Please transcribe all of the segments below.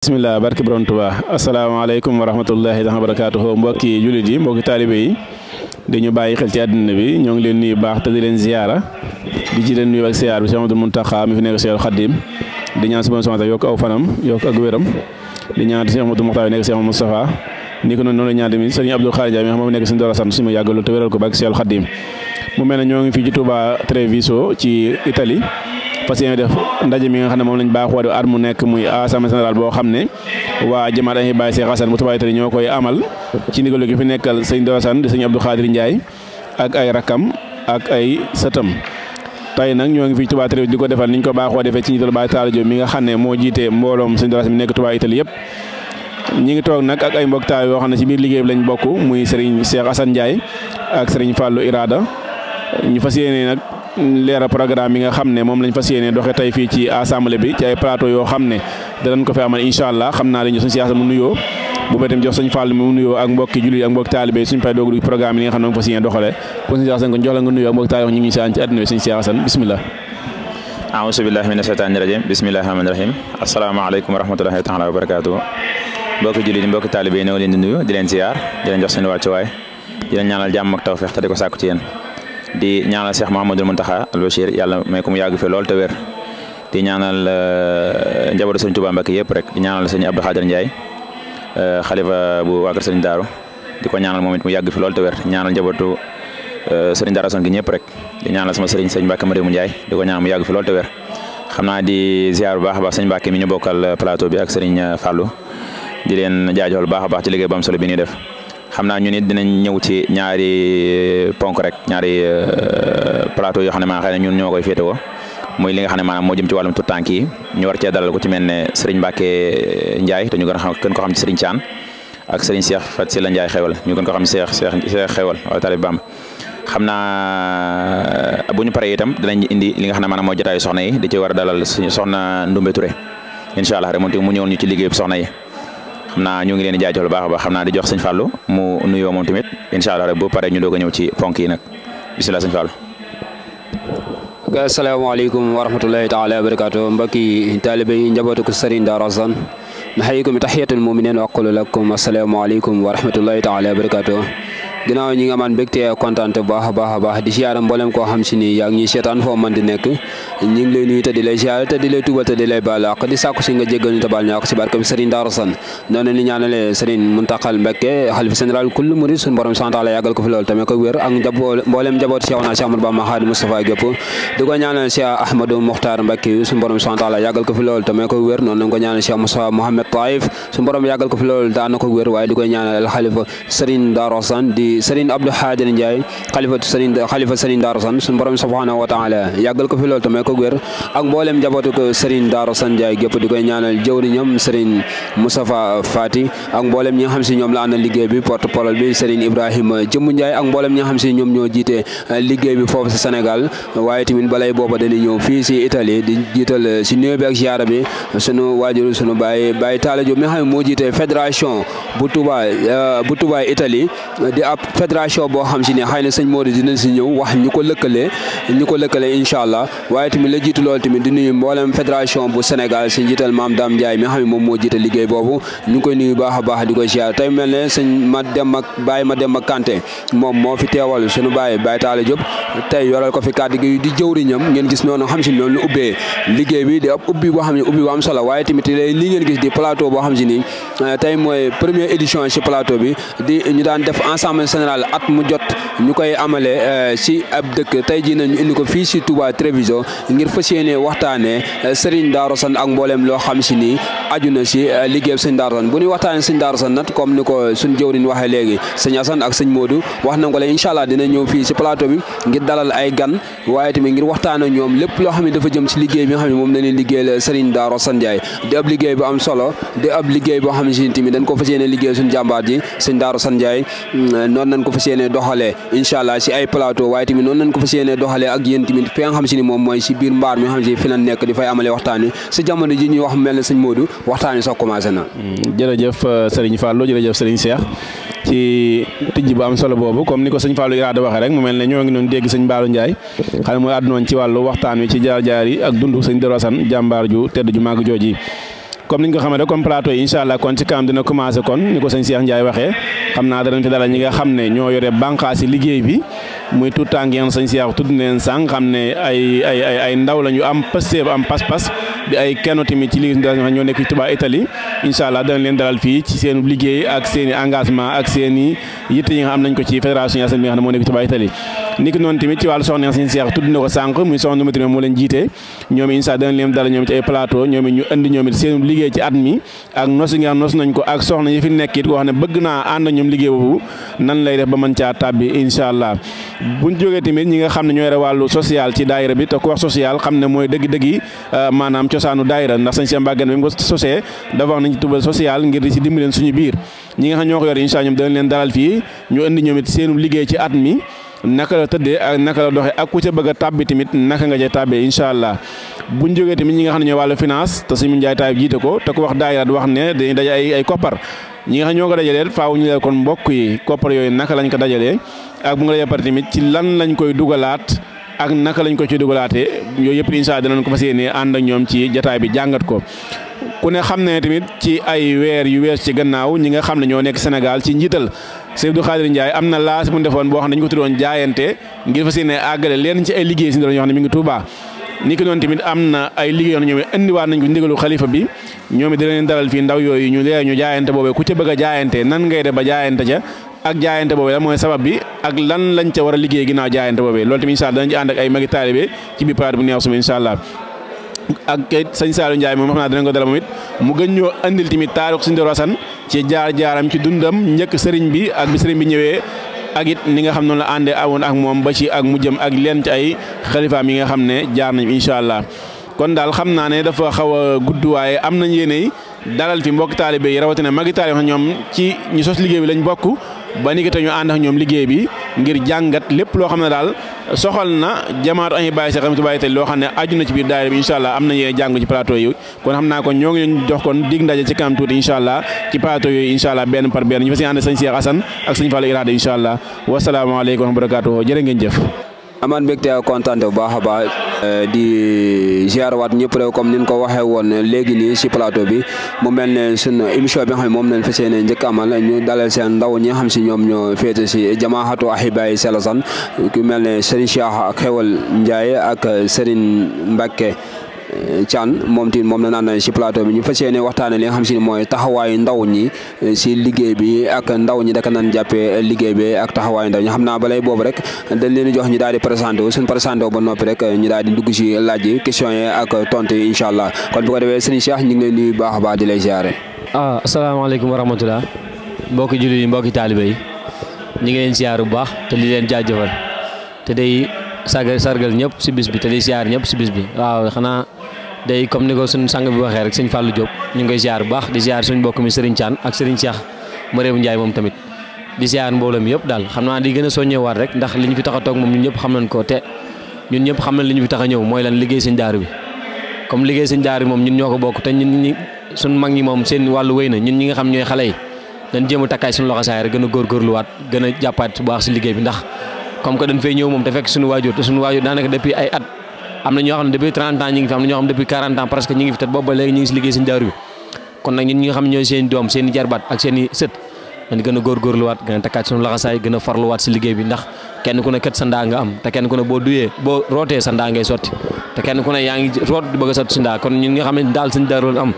bisimilah barki borom Tuubaa asalaamaaleykum wa rahmatullahi wa barakaatuhu mbokki jullit yi mbokki taalibe yi di ñu bàyyi xel ci àddina bi ñoo ngi leen nuyu baax te di leen ziyaara di ci leen nuyu ak ziyaar bi Cheikh Amadou Mountakha mi fi nekk Cheikh yokk aw fanam yokk ak wéram di ñaan Cheikh Amadou Mokhtar nekk Cheikh Moustapha ni ko noonu noonu la ñaan tamit sëriñ Abdou Khadir xam moom nekk suñu door a sant suñu ma te wéral ko ba ak Cheikh Khadim mu mel ne ñoo ngi fii ci Touba Treviso ci Italie parce que def ndaje mi nga xam ne moom lañ baaxoo def at mu nekk muy assemblée générale boo xam ne waa jamaat dañuy bàyyi Cheikh Hassane Moustapha Tall ñoo koy amal ci ndigal gi fi nekkal sëñ ko defal niñ ko baaxoo defee ci njiital Baye ne moo jiite mbooloom sëñ Darou Hassane mi nekk Touba ngi toog nag ak ay mbokk taal yoo xam ne ci biir liggéey bi lañ bokk muy Serigne Cheikh Hassane Ndiaye ak Serigne Fallou Irada ñu fas yéene nag leeral programme bi nga xam ne moom lañ fas yéene doxe tey fii ci assemblée bi ci ay plateau yoo xam ne danañ ko fi amal incha allah xam naa dañu suñ siyaasa mu nuyoo bu may dem jox suñ fàll mu nuyoo xam ne moom fas yéene doxale kon suñ siyaasa ko jox la nga nuyoo ak mbokki taalibe ñu bismillah aousu billahi mina shaytaani rajim bismillahi jox seen wàccuwaay di leen ñaanal jàmm ak tawfeex te di ko sàkku ci yéen di ñaanal Cheikh ma Mountakha Al Bachir yàlla may ko mu yàgg fi lool te wér di ñaanal euh, njabootu sëñ Touba Mbacké yëpp rek di ñaanal sëñ Abdou Khadir Ndiaye euh, xalifa bu waa kër sëñ Daaru di ko ñaanal moom it mu yàgg fi lool te wér ñaanal njabootu euh, sëriñ Daara Assane gi ñëpp rek di ñaanal sama sëriñ sëñ Mbacké Mariamou Ndiaye di ko ñaanal mu yàgg fi lool te wér xam naa di ziar bu baax a baax sëñ Mbacké mi ñu bokkal plateau bi ak sëriñ Fallou di leen jaajëfal baax a baax ci liggéey bam am solo bi ñuy def xam naa ñu nit dinañ ñëw ci ñaari euh, ponk rek ñaari euh, plateau yoo xam ne maa xëy ñun ñoo koy féetewoo muy li nga xam ne maanaam moo jëm ci wàllum tout tànk yi ñu war cee dalal ko ci mel ne Serigne Mbacke euh, Ndiaye te ñu gën a xam gën ko xam ci Serigne Thian ak Serigne seex Fat Sila Ndiaye xewal ñu gën ko xam ci Cheikh Cheikh xewal wala Talib Bamba xam naa bu ñu paree itam dinañ indi li nga xam ne maanaam mooy jotaayu soxna yi di ci war a dalal suñu soxna Ndoumbé Touré incha allah rek moom tamit mu ñëwoon ñu ci liggéeyub soxna yi xam naa ñu ngi leen di jaajëfal bu baax a baax xam naa di jox sëñ Fallou mu nuyoo moom tamit incha allah rek bu pare ñu doog a ñëw ci ponk yi nag bisimilah sëñ Fallou. asalaamaaleykum wa rahmatullahi taala wa barakaatu mbokki taalibe yi njabootu ko Serigne Darou Assane nahaykum tahiyatul muminin wa aqulu lakum asalaamaaleykum wa rahmatullahi taala wa barakaatu ginnaaw ñi nga amaan mbégte kontaan baax a baax a baax di siyaara mboolem koo xam si ni yaa ngi ñuy seetaan foo mën di nekk ñi ngi te di lay siyaare te te di lay baal àq di sàkku si nga jéggal ñu tabaal ñu àq si barkam Serigne Darou Sane noonu li ñaanale Serigne Mountakha Mbacké xalifa général kullu murid ko fi loolu tamit ko wér di ko ñaanal Cheikh Ahmadou Mokhtar Mbacké ko fi loolu tamit ko wér noonu ko ñaanal Cheikh Moustapha Mohamed Taif ko fi loolu daana di Serigne Abdou Khadir xalifa Serigne Darou Sane borom subhanahu wa taala yàggal ko fi loolu tamay ko wér ak mboolem njabootu ko Serigne Darou Sane Ndiaye gépp di koy ñaanal jëwriñam Serigne Moustapha Fati ak mboolem ñi si ñoom la àndal liggéey bi porte parole bi Serigne Ibrahima Jëmmu Ndiaye ak mboolem ñi si ñoom ñoo jiite euh, liggéey bi foofu si Sénégal waaye tamit balay booba dañuy ñëw fii si Italie di jiital euh, si néew bi ak ziara bi sunu waajur sunu bàyyi bàyyi Talla Diop mi nga fédération boo xam si ne xëy na sëñ Modou dina si ñëw wax ñu ko lëkkalee ñu ko lëkkalee incha allah waaye tamit la jiitu loolu tamit di nuyu mboolem fédération bu Sénégal si njiital maam Dame Ndiaye mi xam moom moo jiite liggéey boobu ñu ngi koy nuyu baax a baax di ko ziar tey mel ne sëñ ma dem ma Baye ma dem ak Kanté moom moo fi teewal suñu Baye Baye Talla Diop tey yoral ko fi kàddu gi di jëwriñam ngeen gis noonu xam si noonu lu ubbee liggéey bi d ab ubbi boo xam ne ubbi bu am solo waaye tamit lii ngeen gis di plateau bi ñu daan def ensemble général at mu jot ñu koy amalee euh, si ab dëkk tey jii nañu indi ko fii si Touba Treviso ngir fas yéene waxtaanee euh, seriñ daaro Assane ak mboolem loo xam si nii aju na si euh, liggéeyam Serigne Darou Assane bu ñuy waxtaanee Serigne Darou Assane nag comme ni ko suñ jëwriñ waxee léegi sëñ Assane ak sëñ Modou wax nañ ko la incha allah dina ñëw fii si plateau bi ngir dalal ay gan waaye tamit ngir waxtaan ak ñoom lépp loo xam ne dafa jëm si liggéey bi xam ne moom la ñuy liggéeyal Serigne Darou daaro Ndiaye di ab liggéey bu am di ab liggéey boo xam ne si tamit dañ ko fas yéene liggéey suñu jàmbaar ji Serigne Darou Assane Ndiaye noonu nañ ko fas yéenee doxalee incha allah si ay plateau waaye tamit noonu nañ ko fas yéenee doxalee ak yéen tamit fi nga xam si ni moom mooy si biir mbaar mi nga xam si fi lañ nekk di fay amalee waxtaan wi sa jamono ji ñuy wax mel ne sëñ Modou waxtaan wi sax commencé na. Mm, jërëjëf euh, Serigne Fallou jërëjëf Serigne Cheikh ci tijji bu am solo boobu comme ni ko sëñ Fallou Irada waxee rek mu mel ne ñoo ngi doon dégg sëñ Baalu Ndiaye xam ne mooy àddunoon ci wàllu waxtaan wi ci jaar-jaar yi ak dundu sëñ Doro Sane jàmbaar ju tedd ju màgg jooji comme niñ ko xamee rek comme plateau yi incha allah kon ci kanam dina commencé kon ni ko sëñ Cheikh Ndiaye waxee xam naa danañ fi dalal ñi nga xam ne ñoo yore bànqaasi liggéey bi muy tout temps ngeen sëñ Cheikh tudd na leen sànq xam ne ay ndaw la ñu am pasteef am pas-pas di ay kenn tamit ci li nga xam ñoo nekk Touba Italie incha allah danañ leen dalal fii ci seen liggéey ak seen i engagement ak seen i yitte yi nga xam nañ ko ci fédération Yacine bi nga xam ne moo nekk niki noonu tamit ci wàllu soxna Serigne Cheikh tudd na ko sànq muy soxna Ndoumaty Touré moo leen jiite ñoom incha dana leen liggéey ci at mi ak nañ ko ak soxna yi fi nekk it koo ne bëgg naa ànd ñoom liggéey boobu nan lay def ba mën caa tàbbi incha allah buñ jógee tamit ñi nga xam ne ñoo yore wàllu social ci daayira bi te xam ne mooy dëgg-dëgg euh, maanaam cosaanu daayira ndax sañ seen mbàggan bi mu ko sosee nañ ci social ngir di ci dimbaleen suñu biir ñi nga xam ñoo leen dalal fii ñu indi ñoom it seen liggéey ci at mi naka la tëddee ak naka la doxee ak ku ca bëgg a tàbbi tamit naka nga ca tàbbee incha allah bu ñu jógee tamit ñi nga xam ne ñoo wàllu finance te suñu njaay taay jiite ko te ku wax daayira wax ne dañuy daje ay ay koppar ñi nga xam ñoo ko dajaleel faaw ñu leen kon mbokk yi koppar yooyu naka lañ ko dajalee ak bu nga dajee par tamit ci lan lañ koy dugalaat ak naka lañ ko ci dugalaatee yooyu yëpp incha allah dinañ ko fas yéenee ànd ak ñoom ci jataay bi jàngat ko ku ne xam ne tamit ci ay weer yu wees ci gannaaw ñi nga xam ne ñoo nekk Sénégal ci njiital Sëñ Abdou Khadir Ndiaye am na laas mu defoon boo xam ne dañu ko tuddoon jaayante ngir fas yéene àggale leen ay liggéey si doon yoo ne mi ngi Touba. ni ki noonu tamit am na ay liggéeyoon ñoom indiwaat nañ ko ndigalu xalifa bi ñoom it dinañ dalal fii ndaw yooyu ñu leer ñu jaayante boobee ku ca bëgg a jaayante nan ngay def ba jaayante ca ak jaayante boobee la mooy sabab bi ak lan lañ ca war a liggéey naa jaayante boobee loolu tamit incha allah danañ ci ànd ak ay magi taalibe ci biir pare bu neex suba incha allah ak kayit sëñ Saliou Ndiaye moom xam naa dinañ ko dara moom it mu gën ñoo andil tamit taarix Sëñ Darou Assane ci jaar-jaaram ci dundam njëkk sëriñ bi ak bi sëriñ bi ñëwee ak it ni nga xam noonu la àndee awoon ak moom ba ci ak mu jëm ak leen ci ay xalifaam yi nga xam ne jaar nañ incha allah kon daal xam naa ne dafa xaw a gudd waaye am nañ yéenay dalal fi mbokk taalibe yi rawatina magi taalibe ñoom ci ñu sos liggéey bi lañ bokk ba ni ñu ànd ak ñoom liggéey bi. ngir jàngat lépp loo xam ne daal soxal na jamaatu añu bàyyi sa xam si bàyyi loo xam ne aju na ci biir daayira bi incha am na yéen jàng ci plateau yi kon xam naa ko ñoo ngi leen jox kon dig ndaje ci kanam tuuti incha allah ci plateau yooyu incha benn par benn ñu fa si ànd sëñ Cheikh Assane ak sëñ Fallou Irade incha allah wasalaamaaleykum wa barakaatuhu jërë ngeen jëf amaan mbégte kontaan bu baax a baax Euh, di ziarawaat ñëpp rek comme niñ ko waxee woon léegi nii si plateau bi mu mel ne sunu émission bi nga xam ne moom lañ fas yéene njëkk amal ñu dalal seen ndaw ñi nga xam si ñoom ñoo féete si jamaahatu Ahibahil Selassane ku mel ne Serigne Cheikh ak Xewal Ndiaye ak Serigne mbake Thian moom tamit moom la naan si plateau bi ñu fas yéene waxtaane li xam si mooy taxawaayu ndaw ñi eh, si liggéey bi ak ndaw ñi daka nan jàppee liggéey bi ak taxawaayu ndaw ñi xam naa balay boobu rek dañ leen jox ñu daal di présenté wu suñu présenté wu ba noppi rek ñu daal di dugg si laaj yi question yi ak tontu yi incha allah kon bu ko defee sëriñ Cheikh ñu ngi leen baax a baax di lay ziare. ah asalaamaaleykum wa rahmatulah mbokki jullit yi mbokki taalibe yi ñu ngi leen bu baax te di leen jaajëfal te sargal sargal ñëpp si bis bi te di ziar ñëpp si bis bi waaw xanaa day comme ni ko suñ sang bi waxee rek suñ Fallou Diop ñu ngi koy ziar bu baax di ziar suñu mbokk mi Serigne Thian ak Serigne Cheikh Mariam Ndiaye moom tamit di ziar mbooloo mi yëpp daal xam naa di gën a soññewaat rek ndax li ñu fi tax a toog moom ñun ñëpp xam nañ ko te ñun ñëpp li ñu fi tax a ñëw mooy lan liggéey sëñ daaru bi comme liggéey sëñ daaru bi moom ñun ñoo ko bokk te ñun ñi suñ ñi moom seen wàllu wéy na ñun ñi nga xam ñooy xale yi dañ jéem a takkaay suñu loxo saay rek gën a góorgóorluwaat gën a jàppaat bu baax liggéey bi comme que dañ fay ñëw moom te fekk suñu waajur te suñu waajur daanaka depuis ay at am na ñoo xam depuis 30 ans ñi ngi xam ne doom seen jarbaat ak seen sët dañ gën a góorgóorluwaat gën a takkaat suñu laxasaay gën a si ndaa ngay sotti te kenn ku ne yaa ngi a sotti si ndaa kon ñun nga xam ne daal suñ daaru am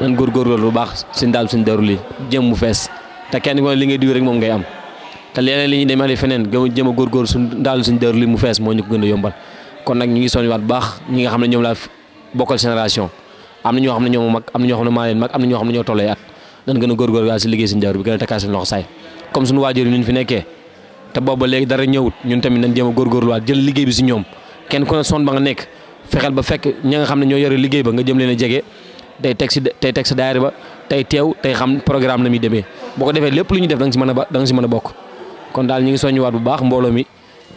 nan góorgóorlu bu baax suñ daal suñ daaru li jëm fees te kenn ku ne li ngay duy rek moom ngay am te leneen li ñuy demee feneen gëm jëm a góorgóor suñ daal suñ dër li mu fees moo ñu ko gën a yombal kon nag ñu ngi soññ waat baax ñi nga xam ne ñoom laa bokkal génération am na ñoo xam ne ñoom mag am na ñoo xam ne maa am na ñoo xam ne ñoo tollee at dañ gën a góorgóor gaa si liggéey suñ dër bi gën a takkaat suñ loxo saay comme suñu waajur yi ñu fi nekkee te booba léegi tamit nañ jéem a góorgóorluwaat jël liggéey bi si ñoom kenn ku ne son ba nga nekk fexeel ba fekk ñi nga xam ne ñoo yore liggéey ba nga jëm leen a jege tey teg si tey teg si daayira ba tey teew tey xam programme na muy demee boo ko defee lépp lu ñu def da nga si mën a nga si mën a bokk kon daal ñu ngi soññiwaat bu baax mbooloo mi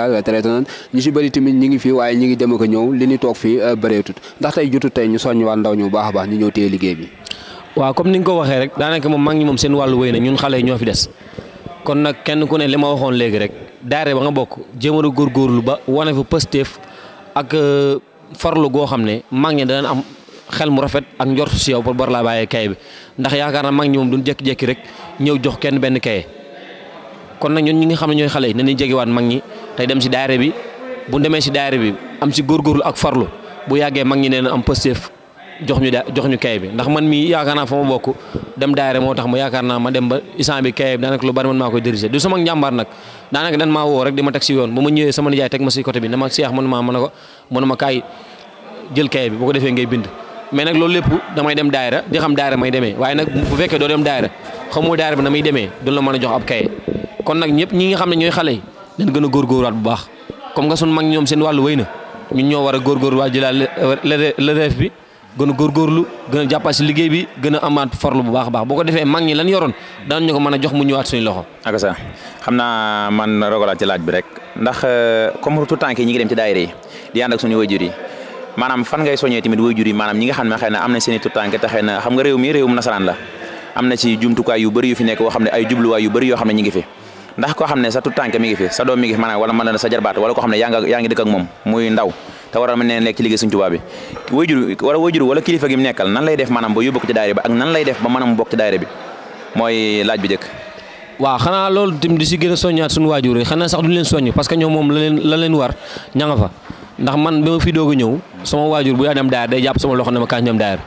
Sénégal euh, traité ñu si bëri tamit ñi ngi fii waaye ñi ngi dem ak ñëw li ñu toog fii euh, bëreetut ndax tey jotu tey ñu soññiwaat ndaw ñu baax a baax ñu ñëw téye liggéey bi waaw comme ni nga ko waxee rek daanaka ko mag ñi moom seen wàllu wéy na ñun xale yi ñoo fi des kon nag kenn ku ne li ma waxoon léegi rek daare ba nga bokk jéem a góorgóorlu ba wane fa pësteef ak euh, farlu goo xam ne mag ñi danañ am xel mu rafet ak njortu si yow pour bar laa bàyyee bi ndax yaakaar na mag ñi moom duñ jékki-jékki rek ñëw jox kenn benn kaye kon nag ñun ñi nga xam ne ñooy xale yi nañuy jegewaat mag ñi tey dem si daayira bi bu demee si daayira bi am si góorgóorlu ak farlu bu yàggee mag ñi nee na am pësteef jox ñu da jox ñu kay bi ndax man mii yaakaar naa fa ma bokk dem daayira moo tax ma yaakaar naa ma ba isaan bi kay bi daanaka lu bari man maa koy diriger du sama njàmbaar woo rek di ma teg si yoon bu ma ñëwee sama nijaay teg ma si côté bi ne ma seex mën maa mën a ko jël kay bi boo ko defee ngay bind mais nag loolu lépp damay dem daayira di xam daayira may demee waaye nag bu fekkee doo dem daayira xamoo daayira bi na muy demee du la mën a jox ab dañ gën a góorgóorwaat bu baax comme nga sun mag ñoom seen wàllu wéy na ñun ñoo war a góorgóorwaat jëlaat le euh, ref bi gën a góorgóorlu gën a jàppaat si liggéey bi gën a amaat farlu bu baax baax boo ko defee mag ñi lan yoroon daan ñu ko mën a jox mu waat suñu loxo. ak sa xam naa man rogalaat ci laaj bi rek ndax euh, comme tout temps ki ñi ngi dem ci daayira yi di ànd ak suñu wayjur yi maanaam fan ngay soññee tamit wayjur yi maanaam ñi nga xam ne xëy na am na seen i tout temps te xëy na ne ay jubluwaay ndax koo xam ne sa tut tànk mi ngi fi sa doom mi ngi fi maanaam wala mën na sa a wala kilifa gi nekkal nan lay def maanaam ba yóbbu ko ci daayira bi ak nan lay def ba bi mooy waaw xanaa loolu tim di si gën a soññaat suñu waajur yi xanaa sax leen soññ parce que ñoom moom la leen la leen war ña nga fa ndax man ba ma a sama waajur bu yaa dem daayira day jàpp sama loxo ne ma kaas ñoom daayira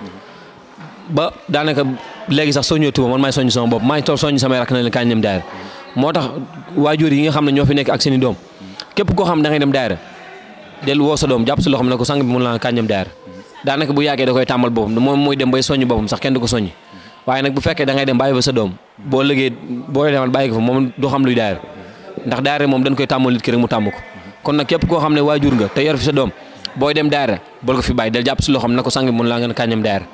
ba daanaka léegi sax soññootuma man maay soññ sama bopp maay toog soññ samay rakk na leen kaas ñoom daayira moo tax waajur yi nga xam ne ñoo fi nekk ak seen doom képp koo xam ne ngay dem daayira del woo sa doom jàpp si loxoom ne ko sang bi mun la kàññam daayira daanaka bu yàggee da koy tàmmal boppam moom mooy dem bay soññ boppam sax kenn du ko soññ waaye nag bu fekkee da ngay dem bàyyi ba sa doom boo liggéey boo demal bàyyi ko fa moom xam luy daayira ndax daayira moom dañ koy tàmmal nit mu tàmm ko kon nag képp koo xam ne waajur nga te yor sa doom booy dem daayira bol ko fi bàyyi del jàpp ne ko sang bi mun laa ngeen kàññam daayira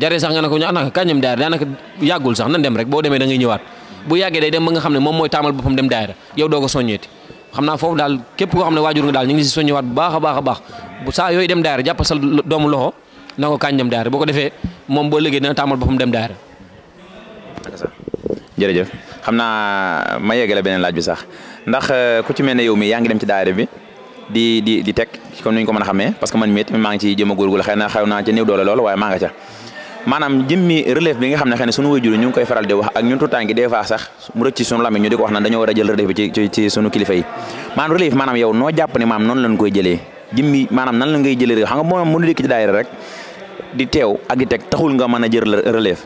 jare sax nga ne ko ñu anaka kàññam daayira daanaka yàggul sax nan dem rek boo demee da ngay ñëwaat bu yàggee day dem ba nga xam ne moom mooy taamal boppam dem daayira yow doo ko soññeeti xam naa foofu daal képp koo xam ne waajur nga daal ñu ngi si soññewaat bu baax a baax a baax bu saa yooyu dem daayira jàppal sa boo ko defee moom boo liggéey dina taamal boppam dem daayira jërëjëf xam naa ma yeggale beneen laaj bi sax ndax euh, ku ci mel ne yow mi yaa ngi dem ci daayira bi di di di teg comme ni ñu ko mën a xamee parce que man mii it maa ngi ci jëm a góorgóorlu xëy na xew naa ci néew doole lool waaye maa nga ca maanaam jëmmi relève bi nga xam ne xëy na sunu wajur ñu koy faral di wax ak ñun tuutàngi des fois sax mu rëcc ci sunu lamiñ ñu di ko wax naan dañoo war a jël relève bi ci ci sunu kilifa yi maanaam relève maanaam yow jàpp ne maam noonu nga moom teg taxul nga mën a jël relève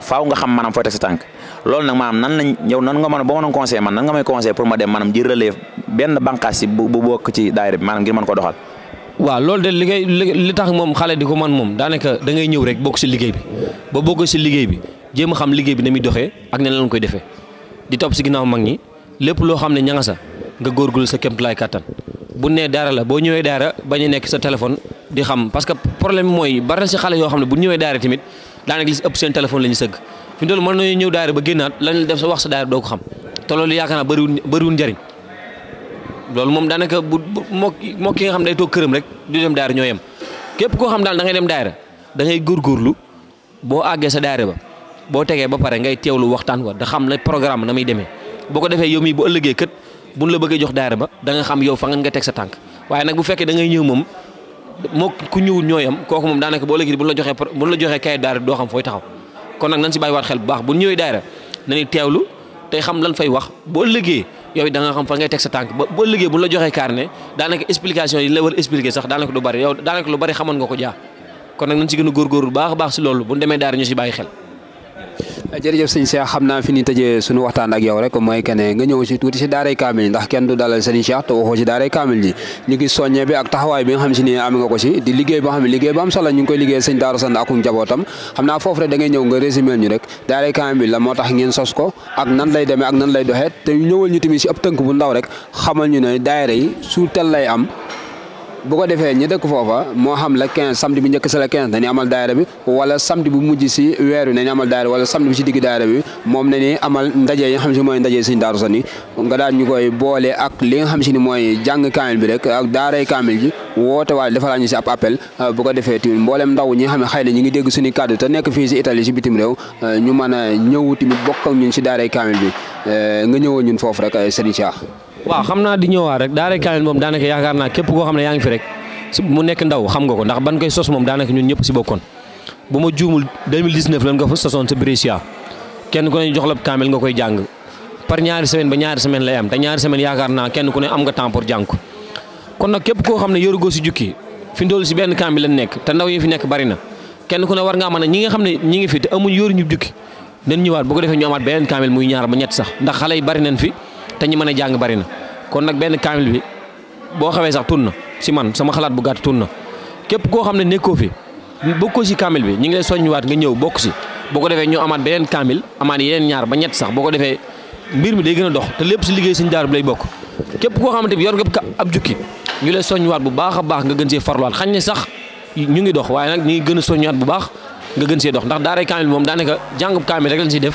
faaw nga xam maanaam fooy teg tànk loolu nag maanaam nan lañ yow nan nga mën a ba mënoon conseil man nan nga may conseil pour ma dem maanaam jël relève benn bànqaas si bu bokk ci daayira bi maanaam ngir mën ko doxal waaw loolu de liggéey li tax moom xale di ko man moom daanaka da ngay ñëw rek bokk si liggéey bi ba bokk si liggéey bi jéem a xam liggéey bi na mi doxee ak ne lañ koy defee di topp si ginaaw mag ñi lépp loo xam ne ña nga sa nga góorgóorlu sa kéemtulaay kàttan bu nee daara la boo ñëwee daara bañ a nekk sa téléphone di xam parce que problème mooy bari na si xale yoo xam ne bu ñëwee daara tamit daanaka li si ëpp seen téléphone la ñu sëgg fi mu toll mën nañu ñëw daara ba génnaat lañ def sa wax sa daara doo ko xam te loolu yaakaar naa bëriwul bëriwul njëriñ loolu moom daanaka bu moo moo ki nga xam ne day toog këram rek du dem daayira ñoo yem képp koo xam daal da ngay dem daayira da ngay góorgóorlu boo àggee sa daayira ba boo tegee ba pare ngay teewlu waxtaan ko da xam ne programme na muy demee boo ko defee yow mii bu ëllëgee kët buñ la bëggee jox daayira ba da xam yow fa nga nga teg sa tànk waaye nag bu fekkee da ñëw moom moo ku ñëwul ñooyam kooku moom daanaka boo léegi bu la joxee buñ la joxee kayit daayira doo xam fooy taxaw kon nag nañ si bàyyiwaat xel bu baax bu ñëwee daayira nañuy teewlu tey xam lan fay wax boo liggéey yow da nga xam fa ngay teg sa tànk ba boo liggéey bu la joxee carnet daanaka explication yi la war expliquer sax daanaka du bari yow daanaka lu bari xamoon nga ko jaa kon nag nañ si gën a góorgóorlu baax a baax si loolu bu ñu demee daara ñu si bàyyi xel jërëjëf sëñ Cheikh xam naa fi ni tëjee sunu waxtaan ak yow rek mooy que nga ñëw si tuuti si daaray kaamil yi ndax kenn du dalal sëñ Cheikh te waxoo si daaray kaamil ji nga xam ni am nga ko si liggéey boo xam ne liggéey bu am solo ñu ngi koy liggéey sëñ Daaru Sane ak njabootam xam naa foofu rek da ngay ñëw nga résumé ñu rek daaray kaamil la moo tax ngeen sos ko ak nan lay demee ak nan lay doxee te ñëwal ñu tamit si ab tënk bu ndaw rek xamal ñu ne daayira yi su tel lay am bu ko defee ñi dëkk foofa moo xam la 15 samedi bi njëkk si la 15 dañuy amal daayira bi wala samedi bu mujj si weer wi nañu amal daayira wala samedi bi si digg daayira bi moom nañuy amal ndaje yi xam si mooy ndaje Sëñ Daaru Sani nga daan ñu koy boole ak li nga xam si ni mooy jàng kaamil bi rek ak daaray kaamil ji woote waale defalaa ñu si ab appel bu ko defee tamit mboolem ndaw ñi xam ne xëy na ñu ngi dégg suñu kàddu te nekk fii si Italie si bitim réew ñu mën a ñëw tamit bokk ak ñun si daaray kaamil bi nga ñëwoo ñun foofu rek Sëriñ Cheikh waaw xam naa di ñëwaat rek daara kaamil moom daanaka yaakaar naa képp koo xam ne yaa ngi fi rek mu nekk ndaw xam nga ko ndax ban koy sos moom daanaka ñun kenn ku jox la kaamil nga koy jàng par ñaari semaine ba ñaari semaine lay am te ñaari semaine yaakaar naa kenn ku ne am nga temps jàng ko kon nag képp koo xam ne yorugoo si jukki fi ndool si benn kaamil la nekk te ndaw i fi nekk bari na kenn ku ne war ngaa mën a ñi nga xam ne ñi ngi fi te amuñ yoruñu jukki dañ ñëwaat bu ko defee ñu amaat beneen kaamil muy ñaar ba ñett sax ndax xale yi nañ fi te ñu mën a jàng bari na kon nag benn kaamil bi boo xawee sax tun na si man sama xalaat bu gàtt tun na képp koo xam ne nekkoo fi bokkoo si kaamil bi ñu ngi lay soññiwaat nga ñëw bokk si boo ko defee ñu amaat beneen kaamil amaat yeneen ñaar ba ñett sax ko defee mbir mi day gën lépp si liggéey suñu daaru bi lay bokk képp koo xamante bi yor jukki ñu lay soññiwaat bu baax a baax nga gën see farluwaat xañ ne sax ñu ngi dox waaye nag ñu ngi gën a soññiwaat bu baax nga gën see dox ndax daaray kaamil moom daanaka jàngub kaamil rek lañ siy def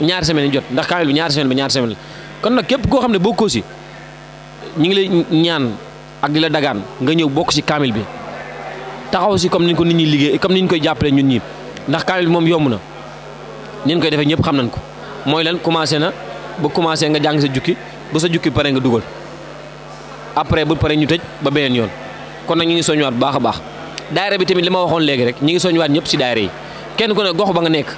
ñaari semaine yi jot ndax kaamil bi ñaari semaine bi la kon nag képp koo xam ne bokkoo si ñu ngi lay ñaan ak di la dagaan nga ñëw bokk si kaamil bi taxaw si comme niñ ko nit ñi liggéey comme niñ koy jàppale ñun ñi ndax kaamil bi moom yomb na niñ koy defee ñëpp xam nañ ko mooy leen commencé na ba commencé nga jàng sa jukki ba sa jukki pare nga dugal après bu pare ñu tëj ba beneen yoon kon nag ñu ngi soññuwaat bu baax a baax daayira bi tamit li ma waxoon léegi rek ñu ngi soññuwaat ñëpp si daayira yi kenn ku ne nekk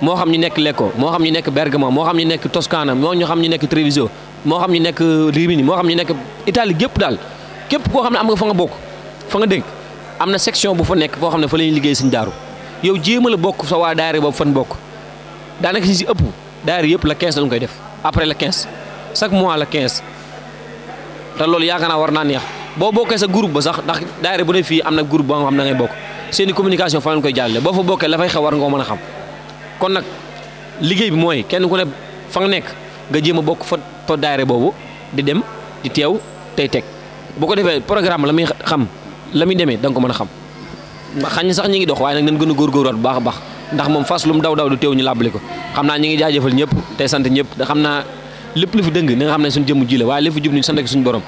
moo xam ñu nekk Lecco moo xam ñu nekk Bergamo moo xam ñu nekk Toscana moo ñu xam ñu nekk Treviso moo xam ñu nekk Rimini moo xam ñu nekk Italie gépp daal képp koo xam ne am nga fa nga bokk fa nga dégg am na section bu fa nekk foo xam ne fa la ñuy liggéey Sëñ Daaru yow jéem la bokk sa waa daara boobu fan bokk daanaka si si ëpp daara yëpp la 15 lañ def après la 15 chaque mois la 15 te loolu yaakaar naa war naa neex boo bokkee sa groupe ba sax ndax daara bu ne fii am na groupe ba nga xam ne da ngay bokk seeni communication fa lañ koy jàllale boo fa bokkee la fay xew war nga mën a xam kon nag liggéey bi mooy kenn ku ne fa nga nekk nga jéem a bokk fa fa daayira boobu di dem di teew tey teg bu ko defee programme la muy xam la muy demee da ko mën a xam xañ sax ñi ngi dox waaye nag nañ gën a góorgóorluwaat bu baax a baax ndax moom fas lu mu daw daw du teew ñu làbbali ko xam naa ñu ngi jaajëfal ñëpp tey sant ñëpp da xam naa lépp lu fi dëng na nga xam ne suñu jëmm ji la waaye lépp fi jub ñu sant ak suñu borom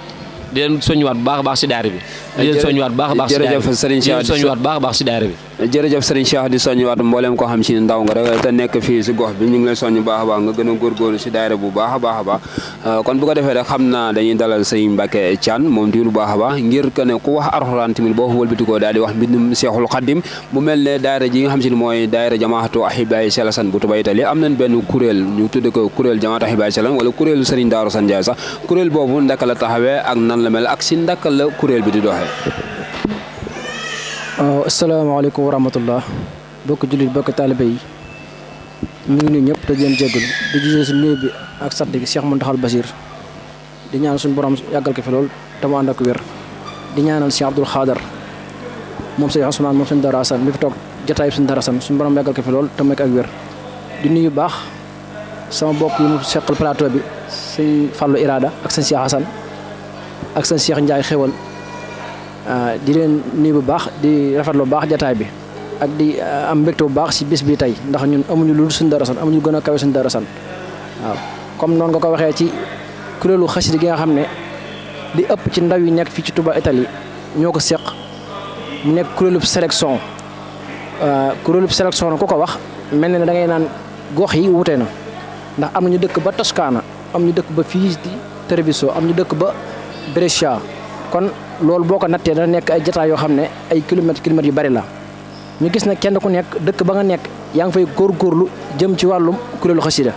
di leen soññuwaat bu baax a baax si daara bi di leen baax a baax jërëjëf sëriñ Cheikh a baax si daara bi jërëjëf sëriñ Cheikh di soññuwaat mbooleem koo rek te nekk bi ñu ngi lay baax a baax a góorgóorlu si daara bu baax a baax a euh, ko defee rek xam naa dañuy dalal sëriñ Mbacke Thian moom tamit a boobu ndaka la taxawee ak nan la mel ak si ndakkal la kuréel bi di doxee. waaw oh, asalaamaaleykum wa rahmatullah bokk jullit bokk taalibe mu ngi nuyu ñëpp dañu leen jégalu di gisee si nuyu bi ak sant gi Cheikh Mountakha Bachir di suñu borom yàggal ko fi lool te mu ànd ak di ñaanal Cheikh Abdoul Khadar moom sëñ Ousmane moom suñu dara asan mi toog jotaay suñu dara asan suñu borom yàggal ko fi lool te ak wér di nuyu baax sama bokk yi mu seqal plateau bi sëñ Fallou Irada ak sëñ Cheikh Assane. ak sa Cheikh Ndiaye xewal ah, di leen nuyu bu baax di rafet lu baax jataay bi ak di ah, am mbégte bu baax si bis bi tey ndax ñun amuñu lu dul suñu Darou Assane amuñu gën a kawe suñu Darou Assane waaw comme noonu nga ko waxee ci kuréelu xasida gi nga xam ne di ëpp ci ndaw yi nekk fii ci tubaa Italie ñoo ko seq mu nekk kuréelub sélection ah, kuréelub sélection ku ko wax mel na ne dangay naan gox yi wute na ndax am nañu dëkk ba toskaana am ñu dëkk ba fii di Treviso am ñu dëkk ba. Brescia kon loolu boo ko nattee dana nekk ay jataa yoo xam ne ay kilomètres kilomètres yu bari la ñu gis na kenn ku nekk dëkk ba nga nekk yaa ngi fay góorgóorlu jëm ci wàllum kuréelu xasida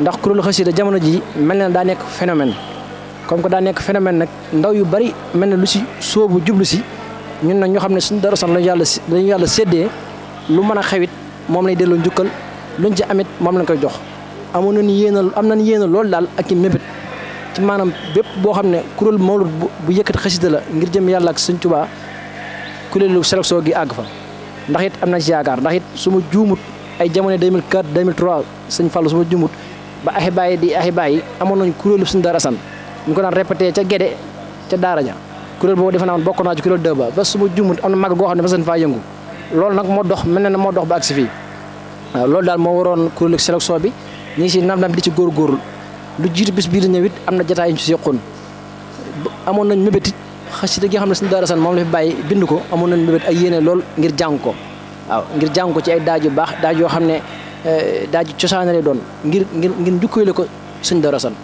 ndax kuréelu xasida jamono ji mel na daa nekk phénomène comme que daa nekk phénomène nag ndaw yu bari mel na lu si soobu jublu si ñun nag ñoo xam ne suñu dara sax lañu yàlla lañu yàlla séddee lu mën a xewit moom lañ delloo njukkal luñ ci amit moom lañ koy jox amoon nañu yéen a am na yéen a loolu ci maanaam bépp boo xam ne kuréel mawlud bu yëkkati xasida la ngir jëm yàlla ak sëñ Tuubaa kuréelu sélection gi àgg fa ndax it am na ci yaakaar ndax it su juumut ay jamono 2004 2003 sëñ Fallou su ma juumut ba ahibaay di ahibaay yi amoon nañu kuréelu sëñ Daara Assane ñu ko daan répété ca Gede ca Daara ña kuréel boobu defe naa bokk naa ci ba su ma juumut am na mag goo xam ne ba seen faa yëngu loolu nag moo dox mel na moo dox ba àgg loolu daal moo waroon kuréelu sélection bi ñu si nam nam di ci góor góorul lu jiit bis bii di it am na jotaay yu ñu si yokkoon amoon nañ mébét it xasida gi xam ne suñu daara san moom la fi bàyyi bind ko amoon nañ mébét ay yéene lool ngir jàng ko waaw ngir jàng ko ci ay daaj yu baax daaj yoo xam ne eh, daaj yu cosaan lay doon ngir ngir ngir njukkoyle ko suñu daara san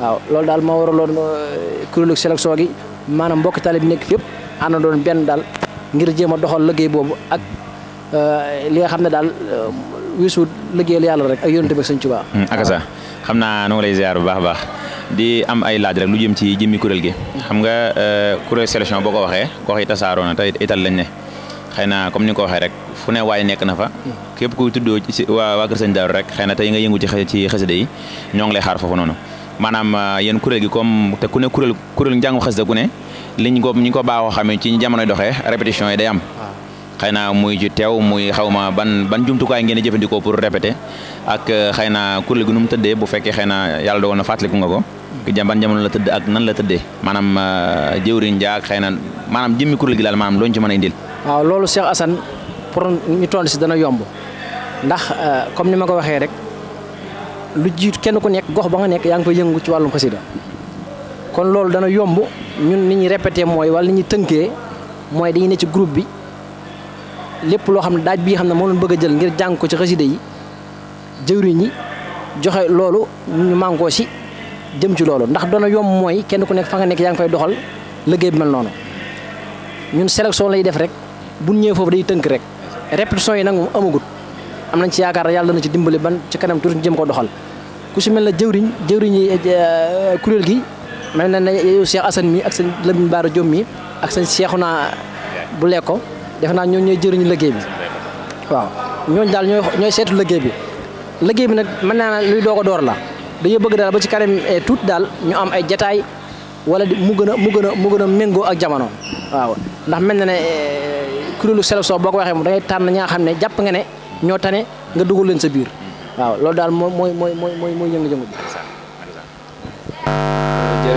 waaw loolu daal moo waraloon eh, kuréelu sélection gi maanaam mbokki taalib bi nekk fépp ànd doon benn daal ngir jéem a doxal liggéey boobu ak eh, li nga xam ne daal weesu liggéeyal yàlla rek ak yonent bi Sëñ Tuubaa. Hmm, xam naa nu ngi lay ziar bu baax a baax di am ay laaj rek lu jëm ci jëmmi kuréel gi xam nga euh, kuréel sélection boo ko waxee ko waxi tasaaroo na te ital lañ ne xëy na comme ni ko waxee rek fu ne waaye nekk na fa képp kuy tuddoo ci waa waa Kër Sëñ rek xëy na tey nga yëngu ci ci xasida yi ñoo ngi lay xaar foofu noonu maanam euh, yen kuréel gi comme te ku ne kuréel kuréel njàngu xasida ku ne liñ ko ñi ko baaxoo xamee ci jamonoy doxee répétition yi day am xëy na muy ci teew muy xaw ma ban ban jumtukaay ngeen di jëfandikoo pour répéter ak euh, xëy na kuréel nu mu tëddee bu fekkee xëy na yàlla dogal na fàttaliku nga ko ban jamono la tëdd ak nan la tëddee maanaam euh, jëwriñ jaak xëy na maanaam jëmmi kuréel gi daal maanaam looñu ci mën a indil waaw loolu Cheikh Assane pour ñu toll si dana yomb ndax euh, comme ni ma ko waxee rek lu jiit kenn ku nekk gox ba nga nekk yaa ngi koy yëngu ci wàllum xasida kon loolu dana yomb ñun ni ñuy répété mooy wala ni ñuy tënkee mooy dañuy ne ci groupe bi lépp loo xam ne daaj bii xam ne moo leen bëgg a jël ngir jàng ko ci xasida yi jëwriñ ñi joxe loolu ñu mànkoo si jëm ci loolu ndax doona yomb mooy kenn ku nekk fa nga nekk yaa ngi fay doxal liggéey bi mel noonu ñun sélection lay def rek bu ñëwee foofu day tënk rek répétition yi nag moom am nañ ci yàlla dana ci dimbali ban ci kanam tuuti jëm ko doxal ku si mel na jëwriñ jëwriñ eh, eh, kuréel gi mel na ne yow Cheikh Assane mi ak seen Lamine Bara Diom mi ak seexu Cheikhouna bu lekko defe naa ñooñu jëriñu liggéey bi waaw ñooñ daal ñooy ñooy seetu liggéey bi liggéey bi nag mën naa luy doog a door la dañoo bëgg daal ba ci kanam eh, tuuti daal ñu am ay jataay wala mu gën a mu gën a mu gën méngoo ak jamono waaw ndax mel na ne eh, kuréelu sélection boo ko waxee moom da ngay tànn ñaa xam ne jàpp nga ne ñoo tane nga dugal leen sa biir waaw loolu daal mooy mooy mooy mooy mooy yëngu-yëngu bi.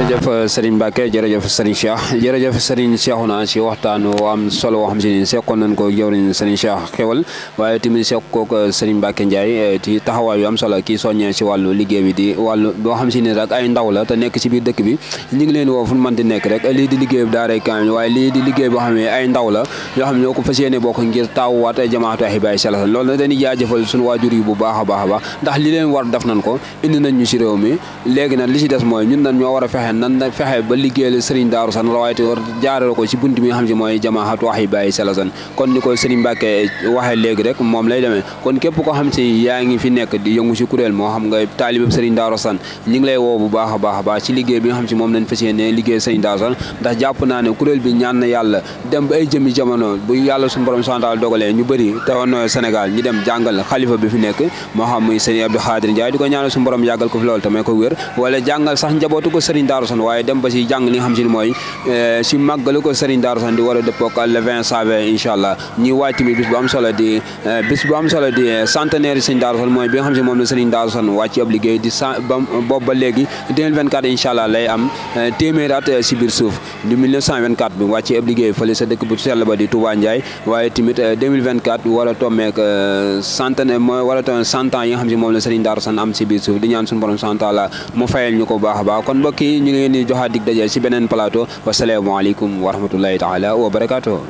jërëjëf uh, Serigne Mbacke jërëjëf Serigne Cheikh jërëjëf Serigne Cheikhouna si waxtaan wu am solo woo xam si ni sekkoon nañ ko jëwriñ Serigne Cheikh xewal waaye tamit sekk kook uh, Serigne Mbacke Ndiaye uh, ci taxawaay yu solo kii soññee si wàllu liggéey bi di wàllu boo xam si ni rek ay ndaw la te nekk si biir dëkk bi ñu ngi leen woo fu di nekk rek lii di liggéey bi daara kaamil waaye lii di liggéey boo xam ne ay ndaw la yoo xam ne ñoo ko fas yéene bokk ngir taawuwaat ay jamaatu ahibaay salaam loolu na dañuy jaajëfal suñu a baax a baax nañ ko indi nañ ñu si réew mi léegi nag li si des mooy ñun nañ ñoo war a nan na fexe ba liggéeyal sëriñ Daaru Assane rawaayte war jaarale ko ci bunt bi xam si mooy jamaaxat wax yi bàyyi sëriñ Mbàkke waxee léegi rek moom lay demee kon koo xam si yaa ngi fi nekk di yëngu si kuréel moo xam nga taalibab sëriñ Daaru Assane ñi ngi lay woo bu baax a baax a baax ci liggéey bi nga xam si moom lañ fas yéene liggéey sëriñ Daaru Assane ndax jàpp naa ne kuréel bi ñaan na yàlla dem ba ay jëmi jamono bu yàlla suñu borom santal dogalee ñu bëri tawanoo Sénégal ñi dem jàngal xalifa bi fi nekk moo xam muy sëriñ Abdou Xaadir Njaay di ko ñaanal suñu borom yàggal ko fi loolu tamay ko wér wala jàngal sax njabootu Darou Assane waaye dem ba si jàng li nga xam si ne mooy eh, si màggalu ko Serigne Darou di war a dëppoo ak le allah ñuy waaj tamit bis bu am solo di eh, eh, centenaire Serigne Darou Assane mooy bi xam si moom la Serigne Darou Assane am téeméeri suuf di Touba Ndiaye waaye centenaire mooy war ñu ko baax kon mbokk yi ngi leen di joxaat dig daje ci beneen plateau wasalaamaaleykum wa rahmatullahi taala wa barakaatu.